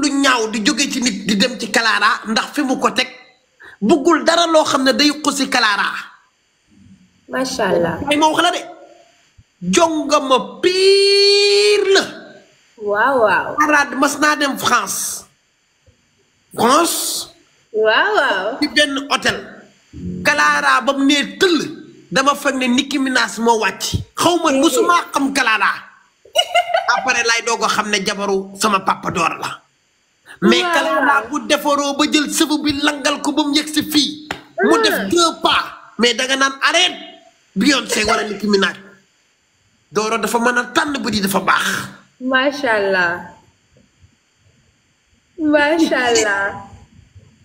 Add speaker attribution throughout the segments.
Speaker 1: lu ñaaw di jóge ci nit di dem ci Clara ndax fi mu ko teg buggul dara loo xam ne day xusi Clara. macha allah kay ma wax mas naa dem France. France. waaw waaw. ci benn hôtel. Clara ba mu nee dama fekk ne Nicki Minaj moo wàcc. xaw ma musuma xam kalaara après lay doog xam ne jabaru sama papa la. mais Kalenda bu defaroo ba jël sëfu bi langal ko ba mu yëg si fii. mu def deux mais danga naan arrête Beyoncé war a Nicki Minaj Doro dafa mën a tànn bu di dafa baax.
Speaker 2: macha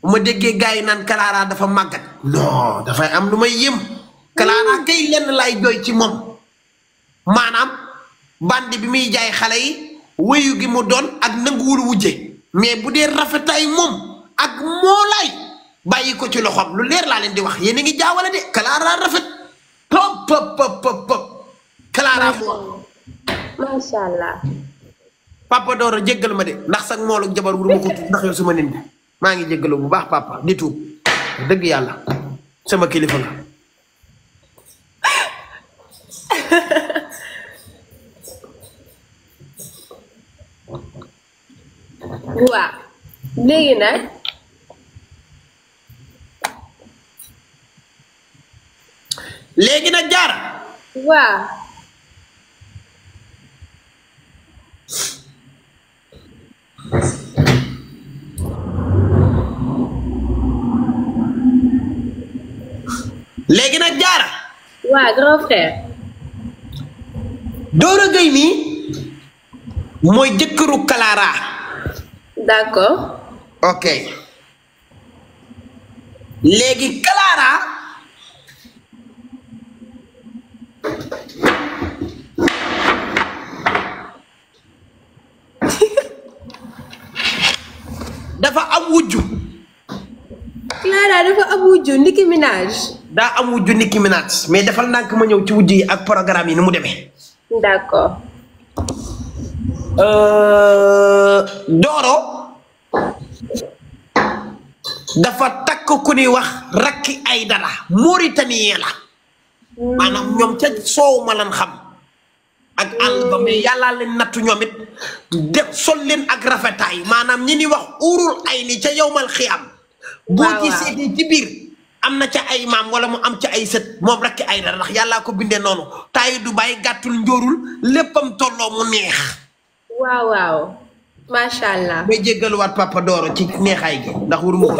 Speaker 1: ma déggee gars yi naan Clara dafa màggat. non dafay am lu may yëm. Clara mm. kay lenn laay jooy ci moom maanaam bandi bi muy jaay xale yi wéyu gi mu doon ak nanguwul wujje mais bu dee rafetaay moom ak moolaay bàyyi ko ci loxoom lu leer laa leen di wax yéen a ngi jaawale de Clara rafet pop pop pop pop Clara moom
Speaker 2: macha allah
Speaker 1: papa ma de ndax sag moolu jabar wuru ma ko tuub ndax yow suma nit maa ngi jéggalu bu baax papa di tuub dëgg yàlla sama kilifa nga
Speaker 2: waaw léegi nag
Speaker 1: léegi nag jaara
Speaker 2: waaw léegi nag jaara waaw grand frère
Speaker 1: Doro Gueye mi mooy jëkkëru Clara
Speaker 2: d'accord.
Speaker 1: ok léegi Clara dafa am wujj Clara dafa am wujju Nicki Minaj. daa am wujju Nicki Minaj mais defal ndànk ma ñëw ci wujj yi ak programme yi ni mu demee. d'accord. Euh, Doro. dafa takk ku ni wax rakki ay dala dara Mauritanien la maanaam ñoom ca soow ma lan xam ak àll ba mais yàllaa leen nattu ñoomit it sol leen ak rafetaay maanaam ñi ni wax urul ay ni ca yowmal xiyaam boo ci seetee ci biir am na ca ay maam wala mu am ca ay sët moom rakki ay dara ndax yàllaa ko bindee noonu taayi du bàyyi gàttul njóorul léppam tolloo mu neex macha allah. may jéggaluwaat papa Doro ci neexaay gi ndax waruma ko.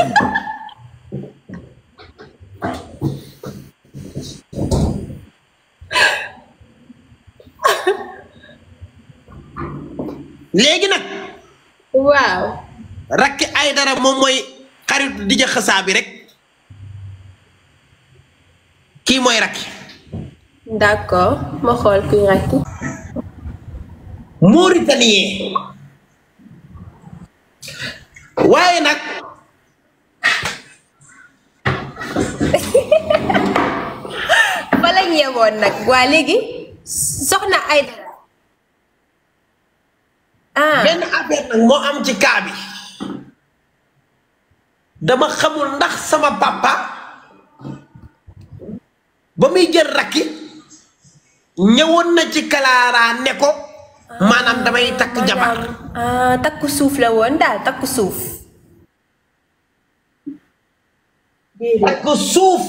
Speaker 1: léegi nag. waaw. rakki ay dara moom mooy xaritu di jaxasaa bi rek kii mooy rakki.
Speaker 2: d'accord ma xool kuy rakki.
Speaker 1: Mauritanien. waaye nag
Speaker 2: fa la ñeewoon nag waa léegi soxna
Speaker 1: Aïdara ah benn nag moo am ci kaa bi dama xamul ndax sama papa ba muy jël rakki ñëwoon na ci Clara ne ko maanaam damay takk ah, jabar
Speaker 2: ah, takku suuf la woon daal takku suuf takku
Speaker 1: suuf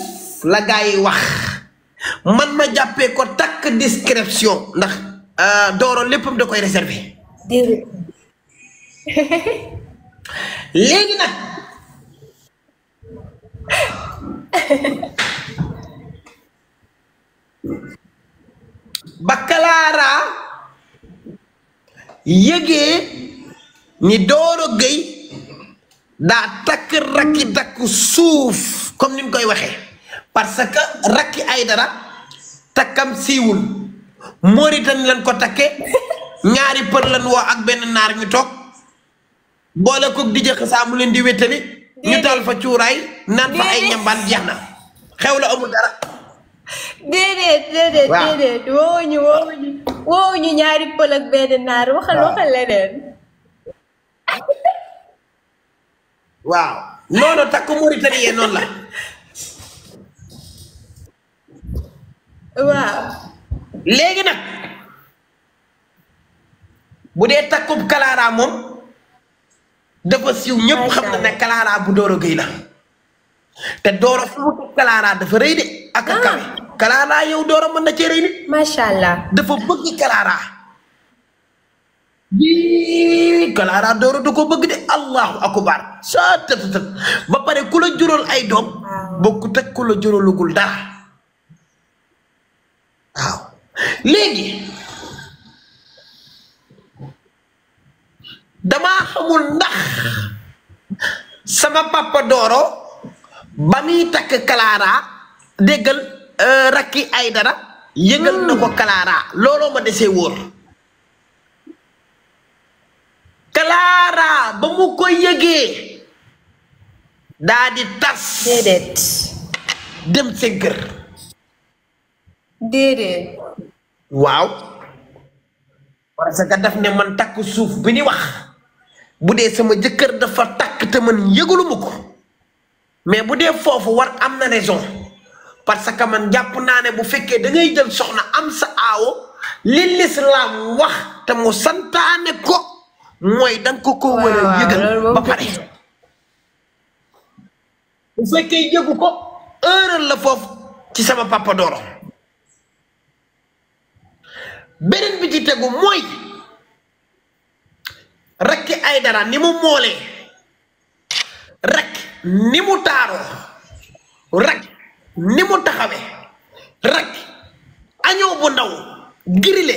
Speaker 1: la gaa yi wax man ma jàppee ko takk discrétion ndax ah, dooro léppam da koy réservé léegi nag baccalauréat yëgee ni Doro Gueye daa takk rakki takku suuf comme ni koy waxee parce que rakki ay dara takkam siiwul Mauritanie lañ ko takke ñaari për lan woo ak benn naar ñu toog boole koog di jëkk saa mu leen di wéttali ñu taal fa cuuraay naan fa ay ñambaan jeex na xew la amul dara
Speaker 2: déedéet déedéet. waaw déedéet woowuñu woowuñu woowuñu ñaari pël ak naar. waxal waxal leneen.
Speaker 1: waaw noonu takku Mauritanie noonu la. waaw. léegi nag bu dee takkub Kalaara moom dafa siiw ñëpp xam na ne Kalaara bu Doro Gueye la te Doro fu mu Kalaara dafa rëy de a ah. kawe. Clara yow Doro mën na cee rey nit. allah dafa bëgg Clara. bii Clara Doro da bëgg de allahu akbar saa tëtëtët ba pare ku la jural ay doom. waaw bokkut ak léegi. damaa xamul ndax sama papa Doro ba muy takk Clara déggal Euh, ay dara yëgal na ko kalaara hmm. looloo ma desee wóor kalaara ba mu ko yëgee daadi di tas déedéet dem sa déedéet waaw parce que daf ne man takk suuf bi ni wax bu dee sama jëkkër dafa takk te man yëgaluma ko mais bu dee foofu war am na raison parce que man jàpp naa ne bu fekkee da ngay jël soxna am sa aawo li lislaam wax te mu santaane ko mooy da nga ko ko war a yëgal ba pare bu fekkee yëgu ko heural la foofu ci sama papa Doro beneen bi ci tegu mooy Racky Aïdara ni mu moolee rek ni mu taaroo rek ni mu taxawee rek añoo bu ndaw girile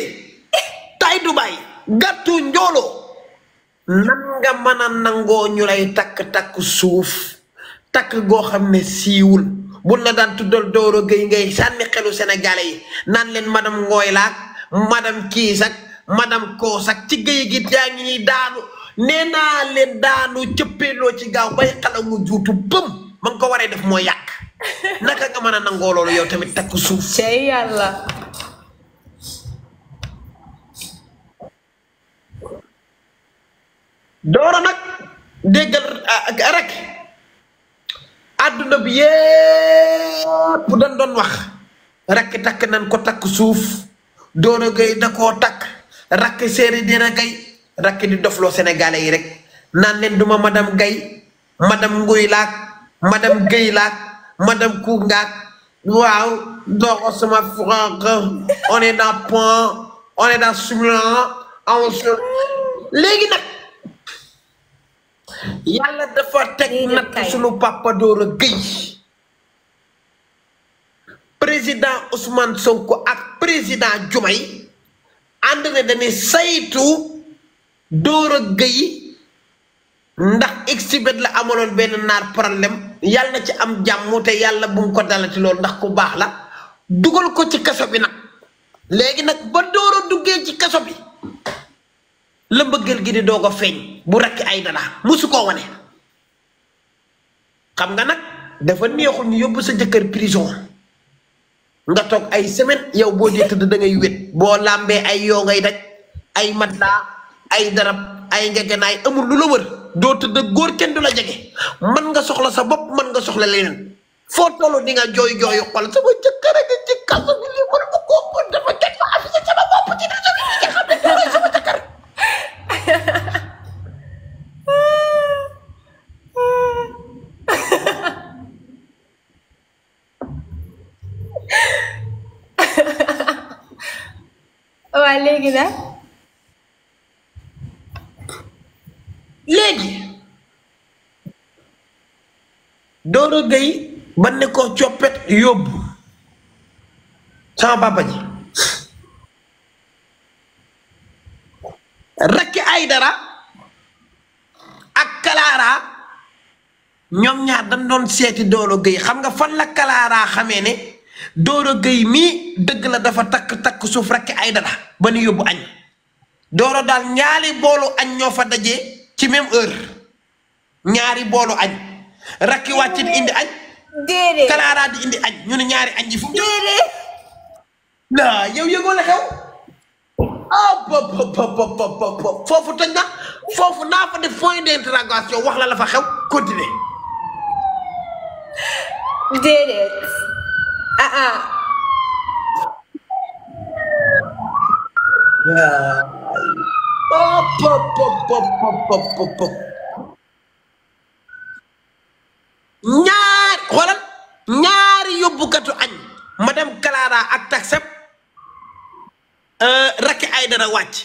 Speaker 1: tay Dubaay gàttu njooloo nan nga mën a nangoo ñu lay takk takk suuf takk goo xam ne siiwul buñ la daan tuddal Doro Gueye ngay sànni xelu Sénégalais yi naan leen madame Ngoy laak madame Kiis ak madame Koos ak ci géej gi yaa daanu nee naa leen daanu cëppeeloo ci gaaw bay xala juutu bëm ma nga ko waree def moo yàq. naka nga mën a nangoo loolu yow tamit takk suuf. cey yàlla. doora nag déggal ah, ah, rek àdduna bi yépp dañ doon wax rakk takk nañ ko takk suuf doona gay da koo takk rakk séeri dina gay rakk di dofloo sénégalais yi rek naan leen duma madame gay madame nguy laak madame madame Koungak, waouh, Doro, c'est ma frère, on est dans Pan, on est dans Soulan, on léegi nag yàlla dafa teg natt sunu papa Doro Gueye président Ousmane Sonko ak président Diomaye ànd na dañuy saytu Doro Gueye ndax xibet la amaloon benn naar problème yàlla na ci am jàmm te yàlla bu mu ko dalati loolu ndax ku baax la dugal ko ci kaso bi nag léegi nag ba door a duggee ci kaso bi la mbëggeel gi di doog a feeñ bu rakki ay dalaa musu koo wane xam nga nag dafa neexul ñu yóbbu sa jëkkër prison nga toog ay semaine yow boo dee tëdd da ngay boo làmbee ay yoo ngay daj ay matelas ay darab ay ngeganaay amul lu la wër doo tëdd góor kenn du la jege man nga soxla sa bopp man nga soxla leneen foo toll di nga jooy jooyu xol sama jëkkër a ngi ci kaso bi lii man
Speaker 2: waa léegi nag léegi
Speaker 1: Doro Gueye ba ne ko coppet yóbbu sama papa ji Racky Aïdara ak Clara ñoom ñaar dañ doon seeti Doro Gueye xam nga fan la kalaara xame ne dooro Gueye mii dëgg na dafa takk takk suuf Racky Aïdara ba nu yóbbu añ dooro daal ñaari boolu añ ñoo fa daje ci même heure ñaari boolu añ rakki wàcc di indi añ. déedéet Kalaara indi añ ñu ñaari añ yi fu. déedéet. naa yow yëgoo la xew. ah bopp bopp bopp bopp foofu toj na foofu naa fa def point d'interrogation wax la la fa xew continuer.
Speaker 2: déedéet. ah ah.
Speaker 1: Yeah. Hop, hop, ñaari xoolal ñaari yóbbukatu añ madame Clara ak taxab euh, rakki ay dara wàcc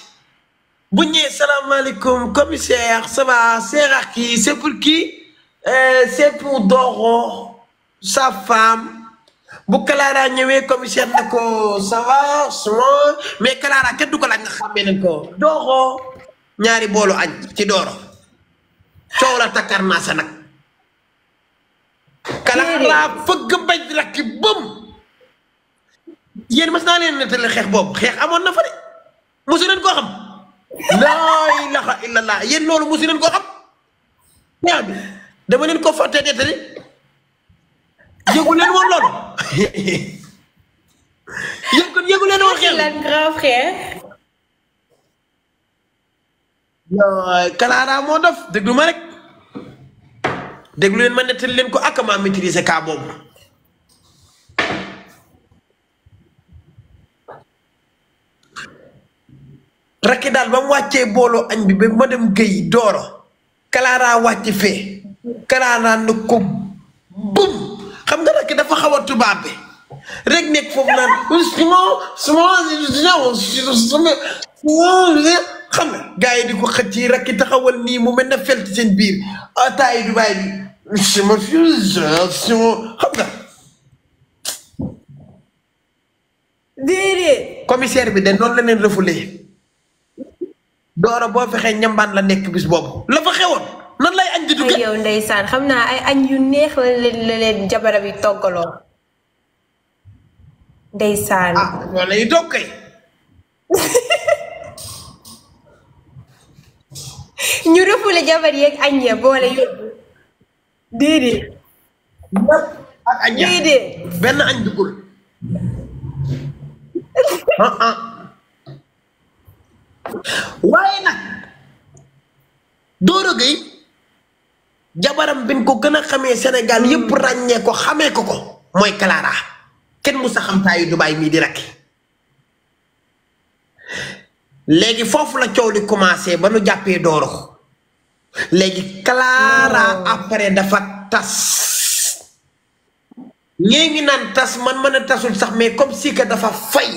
Speaker 1: bu ñëwee salaamaaleykum commissaire ça va c'est Racky c'est pour qui euh, c'est pour Doro sa femme bu Clara ñëwee commissaire na ko ça va souvent mais Clara kenn du ko laaj nga nañ ko dooxoo ñaari boolo añ ci dooro coow la takkar naa sa nag. Clara fëgg baj rakki bëm yéen mas naa leen nettali xeex boobu xeex amoon na fa de mosu leen ko xam laa ilaha illallah yéen loolu mosu leen koo xam xeex bi dama leen ko fàttee nettali yëgu leen woon loolu. woon xel. lan moo def déglu ma rek déglu leen ma nettali leen ko ak maa maîtriser cas boobu. rakki daal ba mu wàccee booloo añ bi dem géy dooro kalaaraa wàcc fee kalaaraa na ko bum tubaab bi rek nekk foofu naan suma suma suma yi di ko xëcc yi rakki taxawal nii mu mel na fel ci seen biir ataayi ah, Dubaay bi suma suma xam nga déedéet commissaire bi de noonu la leen refoulé doora boo fexee ñambaan la nekk bis boobu la fa xewoon
Speaker 2: nan lay añ di dugg yow ndeysaan xam naa ay añ yu neex la leen la leen jabara bi toggaloo ndeysaan ah
Speaker 1: loolu lay toog kay.
Speaker 2: ñu rëppale jabar yeeg añ
Speaker 1: ya boole yóbbu. déedéet. ñëpp benn añ dugul. ah ah. waaye nag. Doro Gueye. jabaram bin ko gën a xamee Sénégal yëpp ràññee ko xamee ko ko mooy Clara. kenn mu sa xam taayu Dubaay mii di rakki léegi foofu la coow li commencé ba nu jàppee dooro léegi Clara oh. après dafa tas ñee ngi naan tas man mën a tasul sax mais comme si dafa fay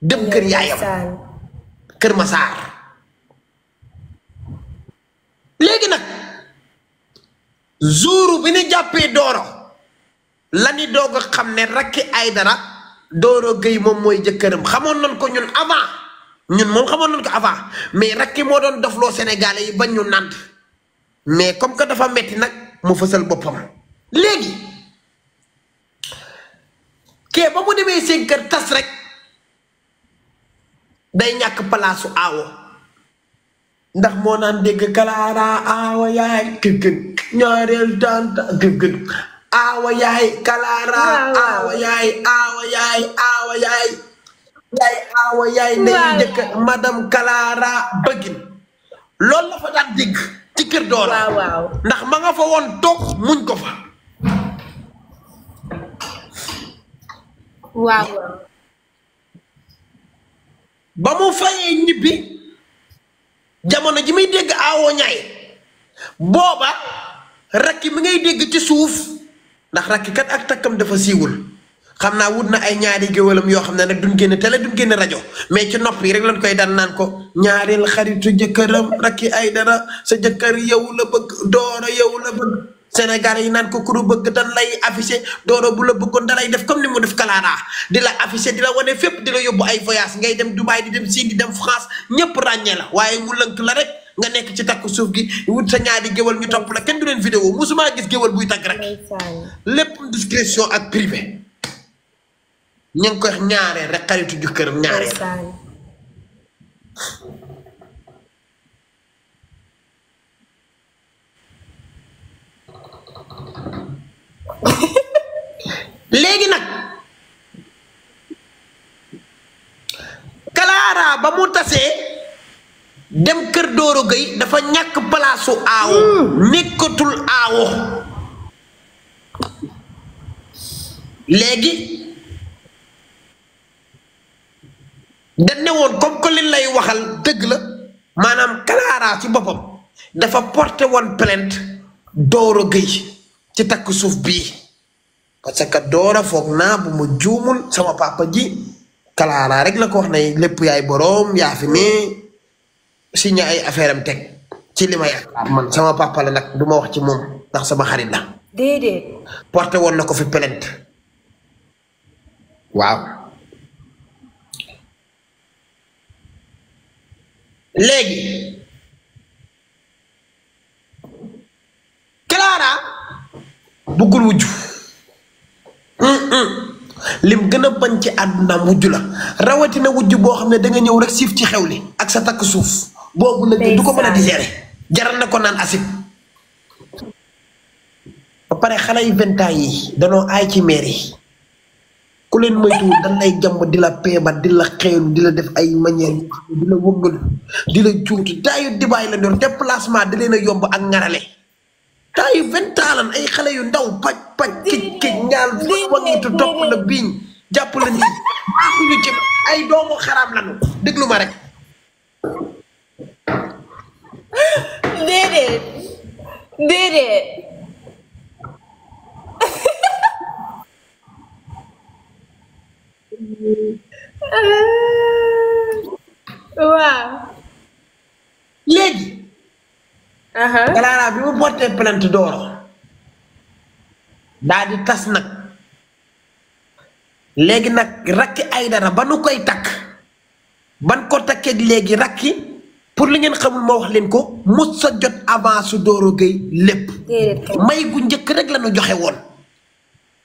Speaker 1: dem kër yaayam kër Masaar léegi nag jour bi nu jàppee dooro lani doog a xam ne rakki dara Doro Gueye moom mooy jëkkëram xamoo nañ ko ñun avant ñun moom xamoon nañ ko avant mais rakki moo doon dofloo Sénégalais yi ba ñun nant mais comme que dafa metti nag mu fësal boppam léegi kee ba mu demee tas rek day ñàkk palaasu awo ndax moo naan dégg kalaara aawo yaay gëgën ñaareel daan gëgën aawa yaay kalaara aawa yaay aawa yaay aawa yaay yaay aawa yaay ndey kalaara bëggin loolu la fa daan dégg ci kër ndax ma nga fa woon toog muñ ko fa ba mu fayee ñibbi jamono ji muy dégg aawo ñaay booba rakki mi ngay dégg ci suuf ndax rakki kat ak takkam dafa siiwul xam naa wut na ay ñaari géwalam yoo xam ne nag duñ génn télé duñ génn rajo mais ci nopp yi rek lañ koy daan naan ko ñaareel xaritu jëkkëram rakki ay dara sa jëkkër yow la bëgg dooro yow la bëgg Sénégal yi naan ko ku du bëgg dan lay affiché bu la bëggoon da def comme ni mu def Clara di la affiché di la wane fépp di la yóbbu ay voyage ngay dem Dubaï di dem Siin di dem France ñëpp ràññee la waaye mu lënk la rek nga nekk ci takku suuf gi wut sa ñaari géwal ñu topp la kenn du leen vidéo musuma gis géwal buy tagg rek lépp discrétion ak privé ñu ngi koy ñaareel rek xaritu jëkkëram ñaareel léegi nag Clara ba mu tasee dem kër dooro Gueye dafa ñàkk palaasu aawo nekkatul aawo léegi dañ ne woon comme que liñ lay waxal dëgg la maanaam Clara ci boppam dafa porté woon plainte dooro Gueye ci takk suuf bi parce que Doro foog naa bu ma juumul sama papa ji Clara rek la ko wax ne lépp yaay boroom yaa signé ay affaire am teg ci li ma ah, man sama papa la nag du ma wax ci moom ndax sama xarit la. déedéet. porté woon na ko fi plainte waaw. léegi. Clara. buggul wujju. Mm, mm. lim gën a bañ ci àdduna wujju la rawatina wujju boo xam ne da ñëw rek siif ci xew li ak sa takk suuf. boobu la du ko mën a digérer jaral na ko naan acide. ba pare xale yu vingt yi danoo aay ci meer yi ku leen moytuwul dan lay jàmm di la peebar di la xeelu di la def ay manière di la wëngal di la juutu taayu dibaay leen a yomb ak ngarale taayu vingt ans lan ay xale yu ndaw paj paj kij kij ñaal wangitu topp déglu ma rek Did it.
Speaker 2: Did
Speaker 1: waaw. léegi. Uh-huh. gannaaw bi mu porté plainte Doro daal di tas nag léegi nag rakki ay dara ba nu koy takk ban ko takkee léegi rakki. pour li ngeen xamul ma wax leen ko mu sa jot avance su Doro Gueye lépp. may gu njëkk rek la joxe woon.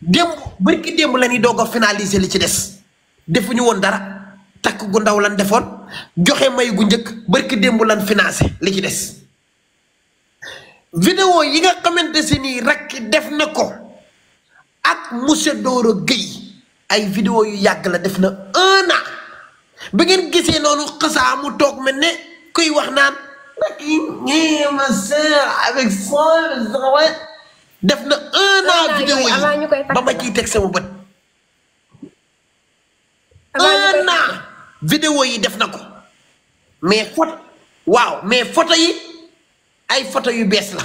Speaker 1: démb barki démb lañuy ñuy doog a li ci des defuñu woon dara takk gu ndaw lan defoon joxe may gu njëkk barki démb lan financé li ci des. vidéo yi nga xamante si nii rakk def na ko ak monsieur dooro Gueye ay vidéo yu yàgg la def na un an ba ngeen gisee noonu xasaa mu toog mel ne. kuy wax naan nag ñi ma sœur avec def na un an yi ba ma ciy teg sama bët un an yi def na ko mais photo waaw mais photo yi ay photo yu bees la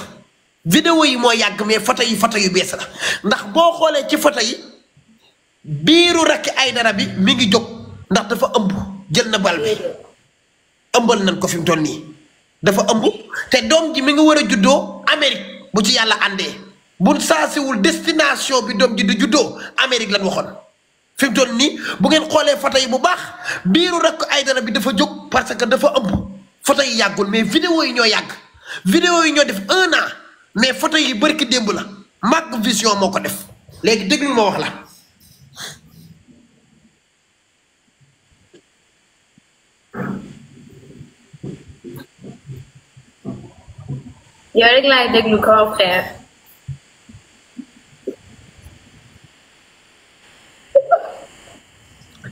Speaker 1: video yi moo yàgg mais photo yi photo yu bees la ndax boo xoolee ci photo yi biiru Racky Aïdara bi mi ngi jóg ndax dafa ëmb jël na bal bi ëmbal nañ ko fi mu toll nii dafa ëmb te doom ji mi ngi war a juddoo Amérique bu ci yàlla àndee bu saasiwul destination bi doom ji di juddoo Amérique lan waxoon fi mu nii bu ngeen xoolee photo yi bu baax biiru rakk Aidara bi dafa jóg parce que dafa ëmb photo yi yàggul mais vidéo yi ñoo yàgg vidéo yi ñoo def un an mais photo yi barki démb la Mak Vision moo ko def léegi déglu ma wax la
Speaker 2: yow rek laay déglu grand frère.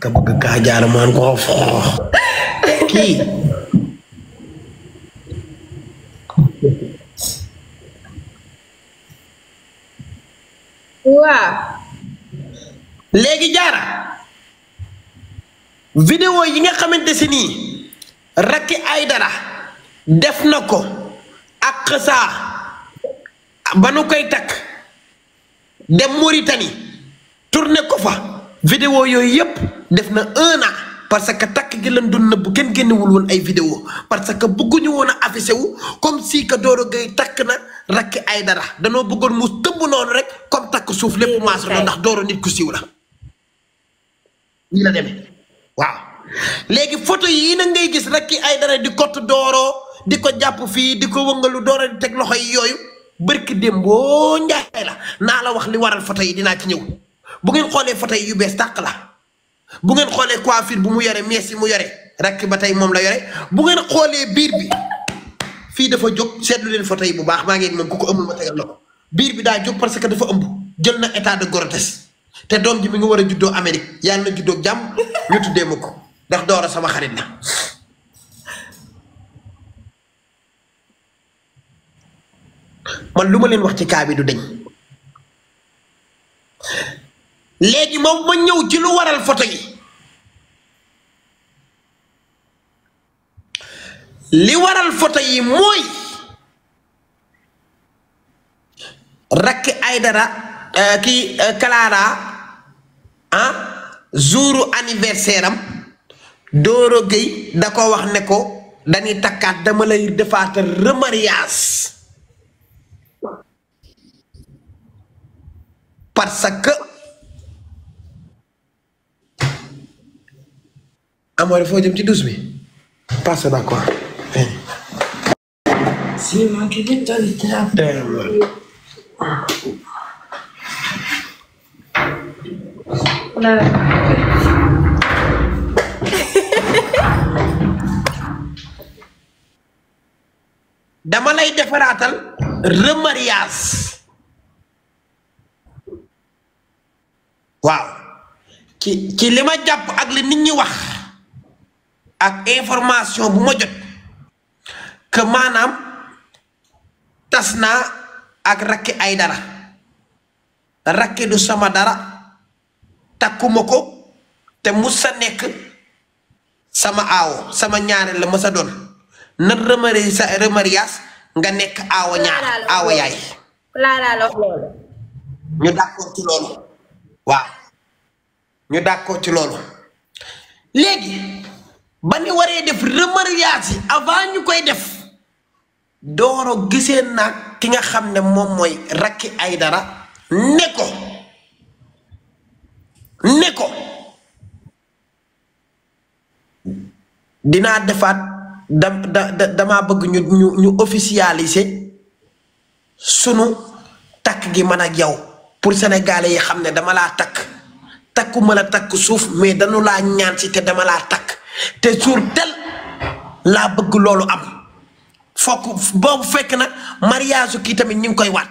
Speaker 1: ka bëgg kaa jaar maan ko foox
Speaker 2: kii. waaw.
Speaker 1: léegi jaara. vidéo yi nga xamante si nii ay dara def na ko. àq ba nu koy takk dem Mauritanie tourné ko fa vidéo yooyu yëpp def na un parce que takk gi lan doon nëbb kenn génnewul woon ay vidéo parce que bëgguñu woon a affiché wu comme si que Doro Gueye takk na rakki ay dara danoo bëggoon mu tëb noonu rek comme takk suuf lépp maas na ndax Doro nit ku siiw la nii la waaw léegi photo yii na gis rakki ay dara di kott Doro di ko jàpp fii di ko wëngalu doora di teg loxo yi yooyu bërki démboo njaay la naa la wax li waral photo yi dinaa ci ñëw bu ngeen xoolee photo yi yu bees tàq la bu ngeen xoolee coiffure bu mu yore mees yi mu yore rek ba tey moom la yore bu ngeen xoolee biir bi fii dafa jóg seetlu leen photo yi bu baax maa ngeen moom ku ko ëmbul ma tegal loxo biir bi daa jóg parce que dafa ëmb jël na état de grossesse te doom ji mi ngi war a juddoo Amérique yàlla na juddoo jàmm ñu tuddee ma ko ndax doora sama xarit man lu ma leen wax ci kaa bi du deñ léegi moom ma ñëw ci lu waral photo li waral photo yi mooy rakk ay dara euh, kii euh, Clara ah jouru anniversaire am Doro Gueye da ko wax ne ko dañuy takkaat dama lay defaatal remariage parce que amoore foo jëm ci douze bi passe d'accord si manqué dama lay defaraatal remariage waaw ci ci li ma jàpp ak li nit ñi wax ak information bu ma jot que maanaam tas naa ak rakki ay dara rakki du sama dara takkuma ko te mus sa nekk sama aawo sama ñaareel la ma sa doon na nga nekk aawo ñaar aawo yaay ñu d'accord ci loolu waaw ñu d'accord ci loolu léegi ba ñu waree def remariage yi avant ñu koy def dooro gisee naag ki nga xam ne moom mooy rakki ay dara ne nekko ne ko dinaa defaat da bëgg ñu ñu ñu sunu takk gi man a yow pour sénégalais yi xam ne dama laa takk takkuma la takk suuf mais dañu laa ñaan si te dama laa takk te jour tel laa bëgg loolu am fokk boobu fekk nag mariage kii tamit ñu ngi koy waat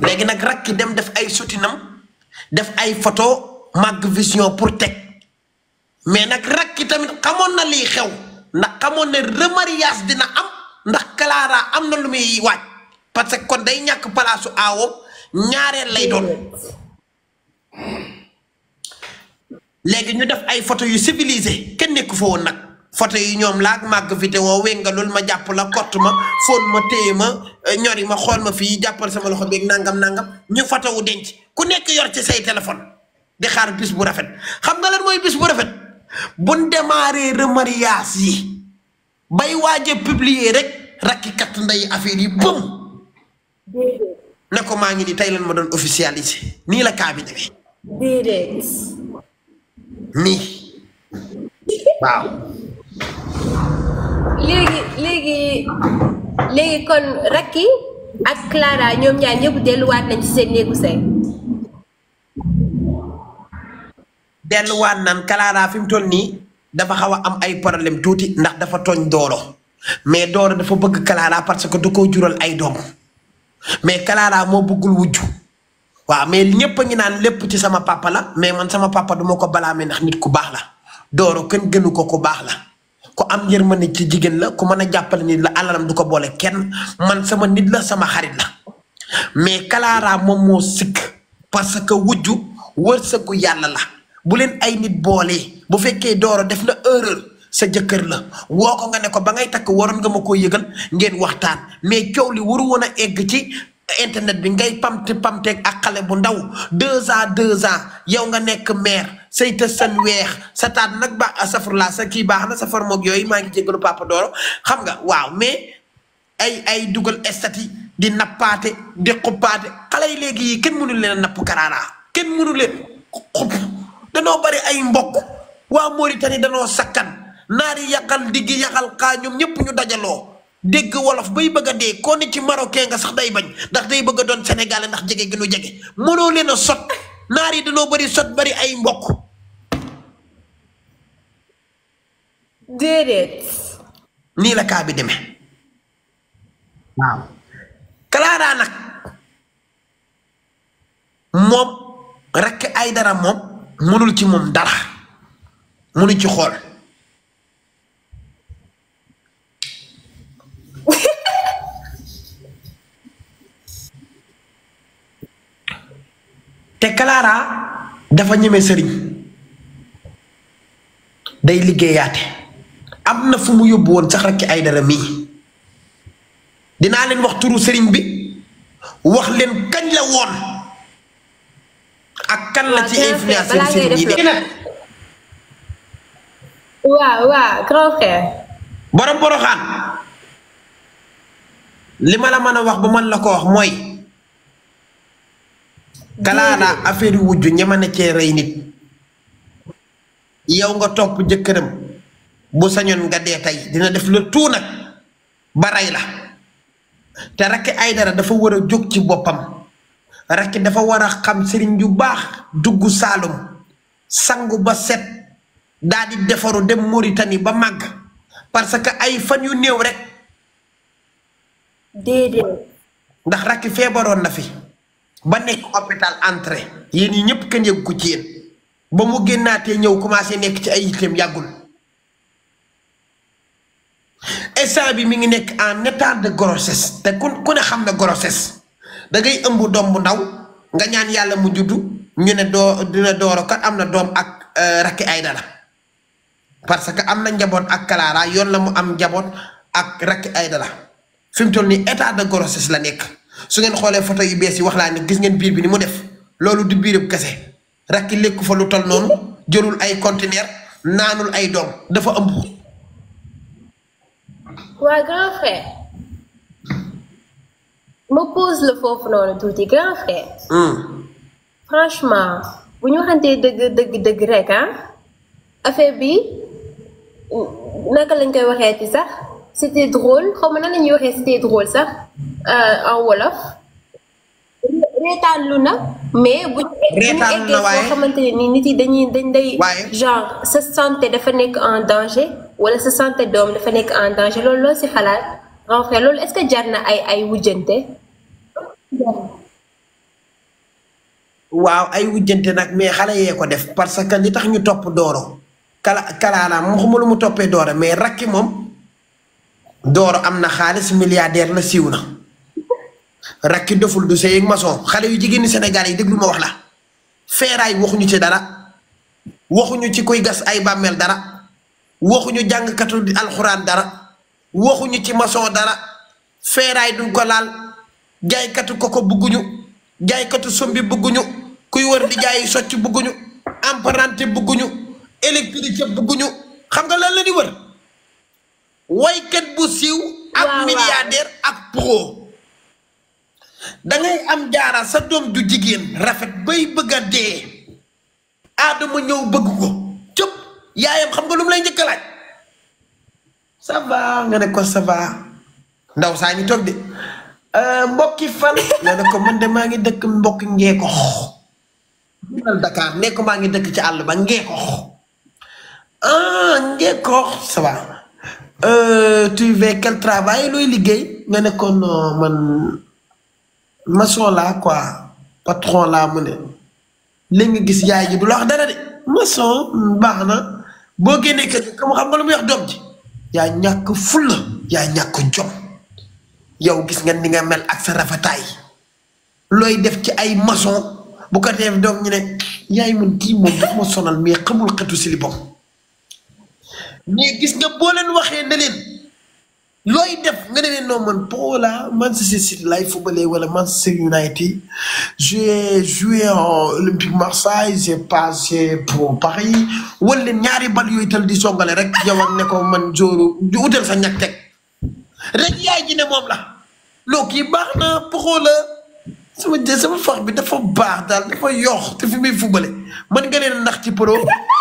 Speaker 1: léegi nag rakki dem def ay sotinam def ay photo Mag Vision pour teg mais nag rakki tamit xamoon na lii xew ndax xamoon ne remariage dina am ndax kalaara am na lu muy waaj parce que kon day ñàkk palaasu aawo ñaareel lay doon léegi ñu def ay photo yu civilisé kenn nekku fa woon nag photo yi ñoom laag màgg vidéo wéngalul ma jàpp la kot ma fóon ma téye ma eh, ñori ma xool ma fii jàppal sama loxo beeg nangam nangam ñu photo denc ku nekk yor ci say téléphone di xaar bis bu rafet xam nga lan mooy bis bu rafet buñ démarré remariage yi bay waaje publier rek rakki kat nday affaire yi bëm ne maa ngi di tey lan ma doon officialisé nii la kaa bi demee.
Speaker 2: déedéet. waaw. léegi léegi léegi kon Racky ak Clara ñoom ñaar ñëpp delluwaat nañ ci seen néegu sey.
Speaker 1: delluwaat nan Clara fi mu toll nii dafa xaw a am ay problème tuuti ndax dafa tooñ doolo mais Doro dafa bëgg Clara parce que da koo jural ay doom. mais Clara moo buggul wujj waaw mais ñëpp a ngi naan lépp ci sama papa mais man sama papa duma ko balaamee ndax nit ku baax la dooro kenn gënu ko ku baax la ko am yërmande ci jigéen la ko mën a jàppale nit la alalam du ko boole kenn man sama nit la sama xarit la mais Clara moom moo sikk parce que wujju wërsëgu yàlla la bu leen ay nit boolee bu fekkee dooro def na erreur. sa jëkkër la woo ko nga ne ko ba ngay takk waroon nga ma koo yëgal ngeen waxtaan mais coow li waru woon a egg ci internet bi ngay pamte pamteeg ak xale bu ndaw deux ans deux ans yow nga nekk maire say tës san weex sa taat nag ba baax safurlaa sa kii baax na safar moog yooyu maa ngi jégalu papa Doro xam nga waaw mais ay ay dugal estati di nappaate di xuppaate xale yi léegi yi kenn mënu leen napp karaaraa kenn mënu leen xupp danoo bari ay mbokk waa Mauritanie naari yàqal diggi yàqal xaa ñoom ñëpp ñu dajaloo dégg wolof bay bëgg a dee koo ni ci marocain nga sax day bañ ndax day bëgg doon sénégalais ndax jege gi nu jege mënoo leen a naar yi dañoo bëri sot bëri ay mbokk. déedéet. la kaa bi demee waaw. Clara nag moom rekk ay dara moom mënul ci moom dara mënu ci xool. te kalaara dafa ñeme sëriñ day liggéeyaate am na fu mu yóbbu woon sax rekk ay dara mii dinaa leen wax turu sëriñ bi wax leen kañ la woon ak kan la ci ah, influenceur
Speaker 2: sëriñ yi de waaw waaw grand
Speaker 1: borom boroxaan li ma la mën a wax ba man la ko wax mooy kalaana affaire wujj ñi ma nekkee rey nit yow nga topp jëkkëram bu sañoon nga dee tey dina def la tout nag ba rey te te ay dara dafa war a jóg ci boppam Racky dafa war a xam sëriñ yu baax dugg Saalum sangu ba set daadi defaru de moritani ba màgg parce que ay fan yu néew rek déedéet ndax Racky feebaroon na fi ba nekk hôpital entré yéen ñi ñëpp kenn yëg ko ci ba mu génnaatee ñëw commencé nekk ci ay yitteem yàggul instant bi mi ngi nekk en état de grossesse te ku ku ne xam na grossesse da ngay ëmb doom bu ndaw nga ñaan yàlla mu juddu ñu ne doo dina dooro kat am na doom ak euh, Racky Aïdara parce que am na njaboot ak Clara yoon la mu am njaboot ak Racky aydala fi mu toll nii état de grossesse la nekk. su ngeen xoolee photo yi bees yi wax laa ne gis ngeen biir bi ni mu def loolu du biirub kese rakki lékku fa lu tol noonu jëlul ay conteneur naanul ay doom dafa ëmb.
Speaker 2: waa grand frère. Hmm. franchement bu ñu waxantee dëgg dëgg dëgg rek ah affaire bi naka lañ koy waxee ci sax. c'était drôle xaw ma nan la ñuy waxee c'était drôle sax euh, en wolof. reetaanlu na mais bu xamante ne nii nit yi dañuy dañ day genre sa santé dafa nekk en danger wala sa santé doom dafa nekk en danger loolu loolu si xalaat en fait loolu est-ce que jar na ay ay wujjante
Speaker 1: waaw ay wujjante nag mais xale yee ko def parce que li tax ñu topp dooro kala kalaanaam mu xamul mu toppee dooro mais rakki moom Doro am na xaalis milliardaire la siiw na rakki doful du sëy ak xale yu jigéen ñi Sénégal yi déglu ma wax la feeraay waxuñu ci dara waxuñu ci koy gas ay bàmmeel dara waxuñu jàngkatu alxuraan dara waxuñu ci maçon dara feeraay duñ ko laal jaaykatu koko bugguñu jaaykatu sombi bugguñu kuy wër di jaay socc bugguñu emprunté bugguñu électrique bugguñu xam nga lan la di wër. way waykat bu siiw ak milliardaire ak pro dangay am jaara sa doom ju jigéen rafet bay bëgg a dee aadama ñëw bëgg ko cëpp yaayam xam nga lu lay njëkk a laaj ça nga ne ko ça ndaw saa ngi toog de euh, mbokki fan nga ne ko man de maa ngi dëkk mbokki ngeekox munal Dakar ne ko maa ngi dëkk ci àll ba ngeekox ah ngeekox ça va Euh, tu fais quel looy liggéey nga ne kon man maçon laa quoi patron laa mu ne li nga gis yaay ji du la wax dara de maçon baax na boo génnee kër gi xam nga lu muy wax doom ji yaa ñàkk ful yaa ñàkk jom yow gis nga ni nga mel ak def ci ay maçon bu ko ñu ne yaay man kii moom daf ma sonal mais xamul xetu silibom mais gis nga boo leen waxee ne looy def nga ne leen noo man pour la Manchester City lay footballé wala Manchester United j'ai joué en Olympique Marseille j'ai passé pour Paris wala leen ñaari bal yooyu tal di songale rek yow ne ko man jooru sa ñàkk teg rek yaay ji ne moom la loo kii baax na pour la sama jë bi dafa baax daal dafa yoox te fi muy footballé mën nga leen nax ci pro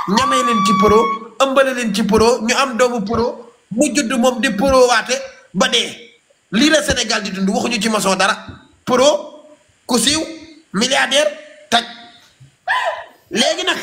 Speaker 1: ñamee leen ci pro. ëmbale leen ci pro ñu am doomu pro mu judd moom di pro waate ba dee lii la Sénégal di dund waxuñu ci maçon dara pro ku siiw milliardaire taj léegi nag